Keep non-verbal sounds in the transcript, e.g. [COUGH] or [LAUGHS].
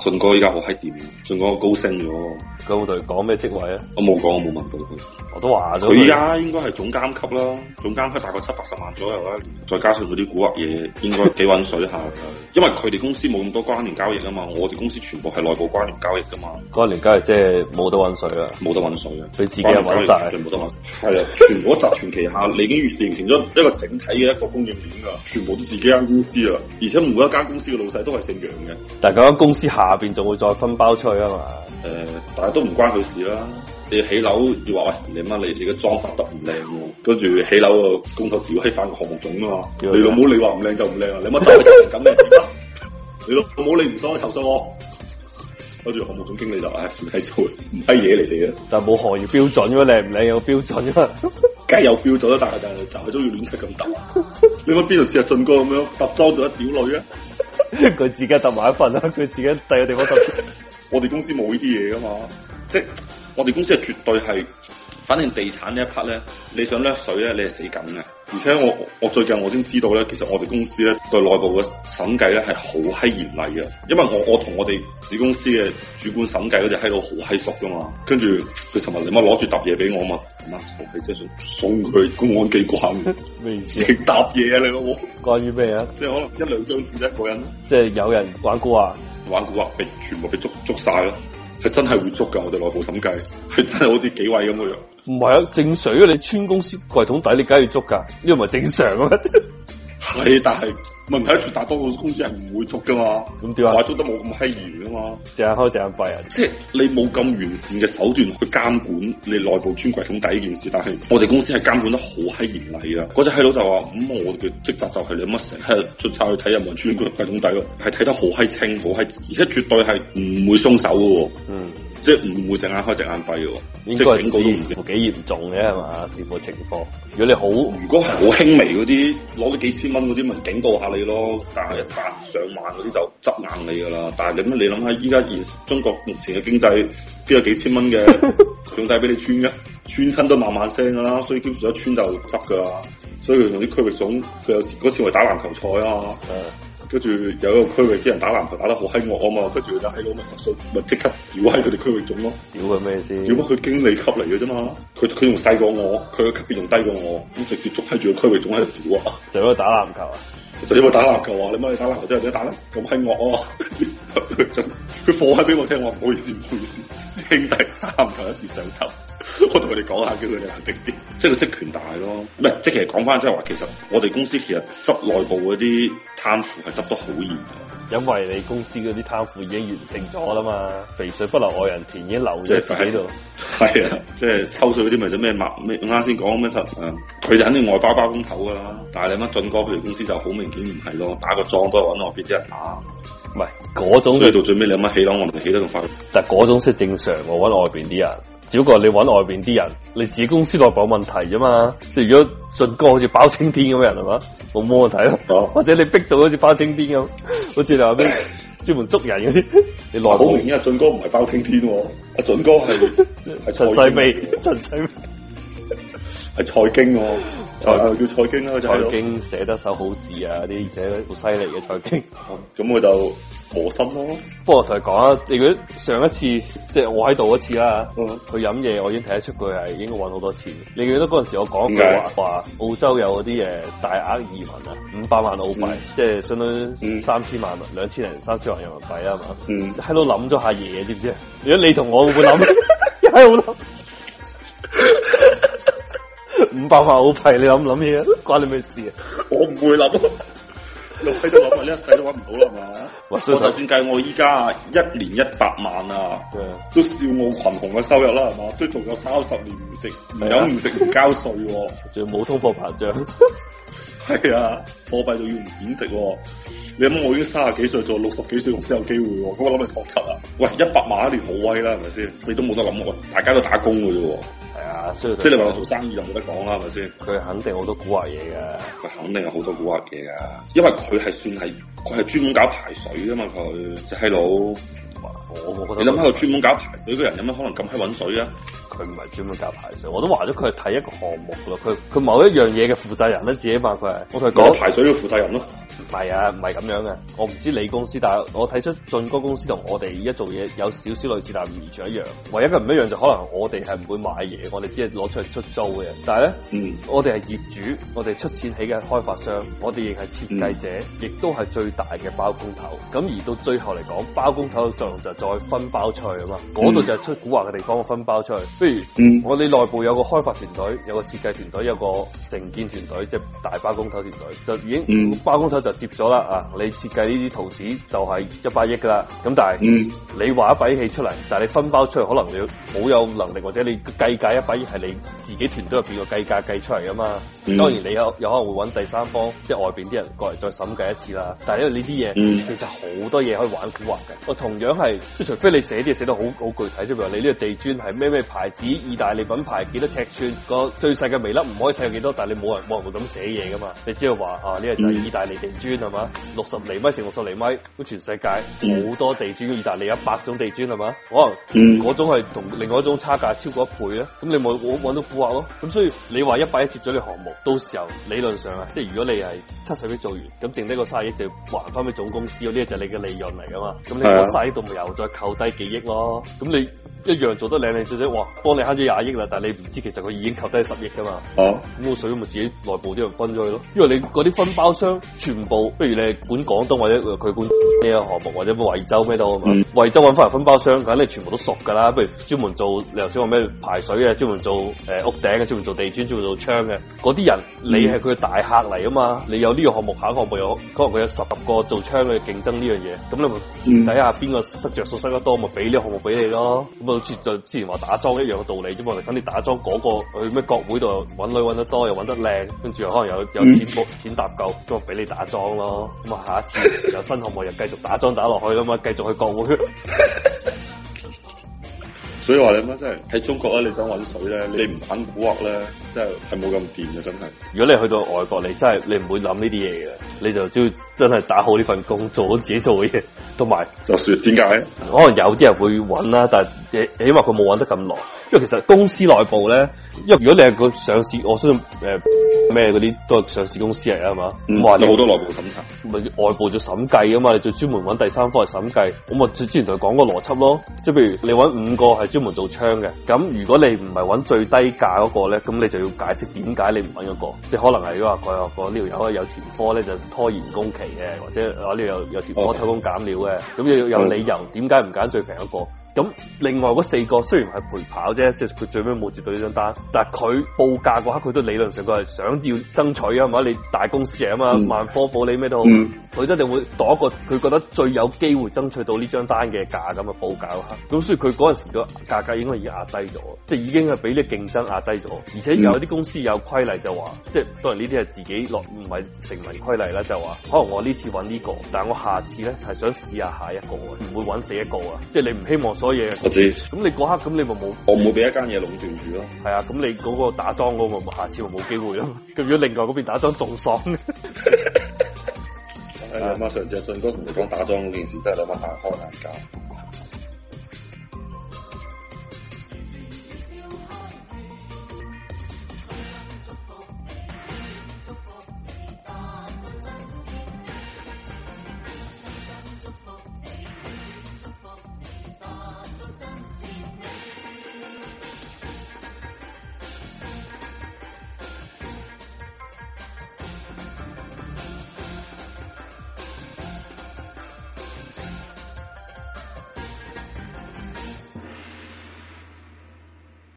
俊哥依家好閪掂，俊哥我高升咗。咁我哋講咩職位啊？我冇講，我冇問到佢。我都話咗佢而家應該係總監級啦，總監級大概七八十萬左右啦。再加上佢啲古惑嘢，應該幾揾水下嘅。 [LAUGHS] 因為佢哋公司冇咁多關聯交易啊嘛，我哋公司全部係內部關聯交易噶嘛。關聯交易即係冇得揾水啦，冇得揾水嘅。你自己又揾晒，全部都揾。係啊，全部集團旗下，你已經完成咗一個整體嘅一個供應鏈噶，全部都自己間公司啊。而且每一間公司嘅老細都係姓楊嘅。但係嗰間公司下邊就會再分包出去啊嘛。誒，大家、呃、都唔關佢事啦。你起樓要話喂，你乜你你嘅裝法得唔靚？跟住起樓個工頭只可以反個項目總啊嘛。你老母你話唔靚就唔靚啊，你乜咁你點啊？ [LAUGHS] 你老母你唔爽投訴我，跟住項目總經理就唉算係錯，乜嘢嚟嘅？但係冇行業標準咯、啊，靚唔靚有標準啊？梗 [LAUGHS] 係有標準啦、啊，但係但係就係都要亂食咁搭。 [LAUGHS] 你乜邊度試下俊哥咁樣搭妝做一屌女啊？佢 [LAUGHS] 自己揼埋一份啦，佢自己第二個地方揼。 [LAUGHS] 我哋公司冇呢啲嘢噶嘛，即係我哋公司係絕對係，反正地產呢一 part 咧，你想甩水咧，你係死梗嘅。而且我我最近我先知道咧，其實我哋公司咧對內部嘅審計咧係好閪嚴厲嘅，因為我我同我哋子公司嘅主管審計嗰隻喺度好閪熟噶嘛，跟住佢尋日你媽攞住沓嘢俾我啊嘛，我係真想送佢公安機關 [LAUGHS] 意思，咩沓嘢啊你老母？關於咩啊？即係可能一兩張紙一個人。即係有人玩過啊？玩蠱惑，被全部被捉捉晒咯，係真係會捉噶。我哋內部審計係真係好似紀委咁嘅樣，唔係啊，正，水啊正常啊。你穿公司櫃桶底，你梗係要捉噶，呢個咪正常啊？係，但係。問題，絕大多數公司係唔會捉噶嘛，點知話捉得冇咁閪嚴啊嘛，淨係開淨係閉啊，即係你冇咁完善嘅手段去監管你內部專櫃桶底呢件事，但係我哋公司係監管得好閪嚴厲啊！嗰隻閪佬就話：咁、嗯、我哋嘅職責就係你乜成日出差去睇入面專櫃桶底咯，係睇得好閪清，好閪而且絕對係唔會鬆手嘅喎。嗯。即係唔會隻眼開隻眼閉喎，即係該警告都唔幾嚴重嘅係嘛？視乎情況，如果你好，如果係好輕微嗰啲，攞咗幾千蚊嗰啲，咪警告下你咯。但係一百上萬嗰啲就執硬你噶啦。但係咁你諗下，依家現中國目前嘅經濟邊有幾千蚊嘅，仲使俾你穿嘅？穿親都萬萬聲噶啦，所以基本上穿就執噶啦。所以佢同啲區域總，佢有嗰次咪打籃球賽啊。 [LAUGHS] 跟住有一個區域啲人打籃球打得好閪惡啊嘛，跟住就喺嗰密發數咪即刻屌喺佢哋區域總咯，屌佢咩先？屌乜佢經理級嚟嘅啫嘛，佢佢仲細過我，佢個級別仲低過我，咁直接捉喺住個區域總喺度屌啊！就因為打籃球啊，就因為打籃球啊，你乜你打籃球都有得打啦，咁閪惡啊！佢仲佢放喺俾我聽，我唔好意思唔好意思，兄弟打籃球一時上頭。 [LAUGHS] 我同佢哋講下，叫佢哋冷靜啲。 [LAUGHS] 即係個職權大咯，唔係即係講翻，即係話其實我哋公司其實執內部嗰啲貪腐係執得好嚴嘅。因為你公司嗰啲貪腐已經完成咗啦嘛，肥水不流外人田已經流咗喺度。係啊，即係抽水嗰啲咪就咩物咩？啱先講咩實？誒，佢哋肯定外包包工頭噶啦。但係你乜媽俊哥佢哋公司就好明顯唔係咯，打個樁都係搵外邊啲人打。唔係嗰種，去到最尾你阿媽起檔，我咪起得仲快。但係嗰種先正常，我搵外邊啲人。只不過你揾外邊啲人，你自己公司內部冇問題啫嘛。即係如果俊哥好似包青天咁嘅人係嘛，冇冇問題咯。Oh. 或者你逼到好似包青天咁，好似你話咩專門捉人嗰啲。你內部好明顯啊，俊哥唔係包青天，阿、啊、俊哥係係陳世美，陳世美係蔡 [LAUGHS] 經喎，就、啊、叫蔡經啦，蔡經寫得手好字啊啲，而且好犀利嘅蔡經。咁佢 [LAUGHS] 就。冇心咯、啊，不過我同你講啊，你佢上一次即係我喺度嗰次啦，佢飲嘢，我已經睇得出佢係應該揾好多錢。你記得嗰陣時我講一句話，話、嗯、澳洲有嗰啲誒大額移民啊，五百萬澳幣，嗯、即係相當於三千萬兩千零三千萬人民幣啊嘛，喺度諗咗下嘢，知唔知如果你同我，我會諗，喺度諗五百萬澳幣，你諗唔諗嘢？關你咩事啊？ [LAUGHS] 我唔會諗。六歲都諗話呢一世都搵唔到啦，係嘛？所以就算計我依家一年一百萬啊，Yeah. 都笑傲群雄嘅收入啦，係嘛？都仲有三十年唔食唔飲唔食唔交稅，哦，仲要冇通貨膨脹，係 [LAUGHS] [LAUGHS] 啊，貨幣就要唔貶值，哦。你諗我已經卅幾歲做六十幾歲仲先有機會，哦，咁 [LAUGHS] 我諗你托七啊？喂，一百萬一年好威啦，係咪先？ [LAUGHS] 你都冇得諗，我大家都打工嘅啫。即係你話我做生意就冇得講啦，係咪先？佢肯定好多蠱惑嘢嘅，佢肯定有好多蠱惑嘢噶。因為佢係算係，佢係專門搞排水噶嘛，佢隻閪佬。我覺得你諗下度專門搞排水嘅人，有乜可能咁閪搵水啊？佢唔係專門搞排水，我都話咗佢係睇一個項目咯。佢佢某一樣嘢嘅負責人咧，自己嘛佢係，我同佢講排水嘅負責人咯。唔係啊，唔係咁樣嘅。我唔知你公司，但係我睇出進江公司同我哋而家做嘢有少少類似，但唔完全一樣。唯一嘅唔一樣就可能我哋係唔會買嘢，我哋只係攞出去出租嘅。但係咧，嗯、我哋係業主，我哋出錢起嘅開發商，我哋亦係設計者，亦都係最大嘅包工頭。咁而到最後嚟講，包工頭嘅作用就係再分包出去啊嘛。嗰度、嗯、就係出蠱惑嘅地方，分包出去。嗯，我哋內部有個開發團隊，有個設計團隊，有個承建團隊，即係大包工頭團隊，就已經、嗯、包工頭就接咗啦啊！你設計呢啲圖紙就係一百億㗎喇，咁但係、嗯、你畫一筆起出嚟，但係你分包出嚟，可能你好有能力，或者你計價一百億係你。自己團隊入邊個計價計出嚟噶嘛？當然你有有可能會揾第三方，即係外邊啲人過嚟再審計一次啦。但因為呢啲嘢其實好多嘢可以玩蠱惑嘅。我同樣係即除非你寫啲嘢寫得好好具體啫嘛。譬如你呢個地磚係咩咩牌子？意大利品牌幾多尺寸？個最細嘅微粒唔可以細到幾多？但係你冇人冇人會咁寫嘢噶嘛？你只係話啊呢個就係意大利地磚係嘛？六十厘米乘六十厘米，咁全世界好多地磚，意大利一百種地磚係嘛？可能嗰種係同另外一種差價超過一倍咧。咁你冇我揾到？話咯，咁、嗯、所以你話一百億接咗啲項目，到時候理論上啊，即係如果你係七十億做完，咁剩低個卅億就還翻俾總公司，呢、呢個就係你嘅利潤嚟噶嘛，咁你嗰卅億度又再扣低幾億咯，咁你。一樣做得靚靚少少，哇！幫你慳咗廿億啦，但係你唔知其實佢已經扣低十億噶嘛？哦、啊，咁個水咪自己內部啲人分咗去咯。因為你嗰啲分包商全部，不如你管廣東或者佢管呢個項目或者惠州咩都嘛，惠、嗯、州搵翻嚟分包商，梗係全部都熟噶啦。不如專門做你頭先話咩排水嘅，專門做誒、呃、屋頂嘅，專門做地磚，專門做窗嘅。嗰啲人你係佢嘅大客嚟啊嘛，你有呢個項目、嗯、目，下一個項目有，可能佢有十個做窗嘅競爭呢樣嘢，咁你唔睇、嗯、下邊個失着數失得多，咪俾呢個項目俾你咯？就之前話打樁一樣嘅道理啫嘛，咁 [LAUGHS] 你打樁嗰個去咩國會度揾女揾得多又揾得靚，跟住可能又有錢冇錢搭夠，就俾你打樁咯。咁啊，下一次有新項目又繼續打樁打落去啦嘛，繼續去國會。 [LAUGHS] 所以話你乜真係喺中國咧，你想揾水咧，你唔肯蠱惑咧，真係係冇咁掂嘅，真係。如果你去到外國，你真係你唔會諗呢啲嘢嘅，你就只要真係打好呢份工，做好自己做嘅嘢，同埋就算點解呢？可能有啲人會揾啦，但係起碼佢冇揾得咁耐。因為其實公司內部咧，因為如果你係個上市，我相信誒咩嗰啲都係上市公司嚟啊嘛，咁啊有好多內部審查，咪外部做審計啊嘛，你做專門揾第三方嚟審計，咁啊之前同佢講個邏輯咯，即係譬如你揾五個係專門做窗嘅，咁如果你唔係揾最低價嗰個咧，咁你就要解釋點解你唔揾嗰個，即係可能係如佢話譬如講呢度有有前科咧就拖延工期嘅，或者啊呢有有前科偷工減料嘅，咁要 Okay. 有理由點解唔揀最平嗰個？咁另外嗰四個雖然係陪跑啫，即係佢最尾冇接到呢張單，但係佢報價嗰刻佢都理論上佢係想要爭取啊，係嘛？你大公司嚟啊嘛，萬、嗯、科、保利咩都，好，佢、嗯、一定會攞個佢覺得最有機會爭取到呢張單嘅價咁啊報價啦。咁所以佢嗰陣時嘅價格應該已經壓低咗，即係已經係俾啲競爭壓低咗。而且有啲公司有規例就話，即係當然呢啲係自己落唔係成為規例啦，就話可能我呢次揾呢、這個，但係我下次咧係想試下下一個，唔會揾死一個啊。即係你唔希望嗯、我知，咁你嗰刻咁你咪冇，我唔會俾一間嘢壟斷住咯。係啊，咁你嗰個打樁嗰、嗰個，咪下次咪冇機會咯。咁 [LAUGHS] 如果另外嗰邊打樁仲爽，阿媽上次阿俊哥同你講打樁嗰件事真係兩碼事，好難搞。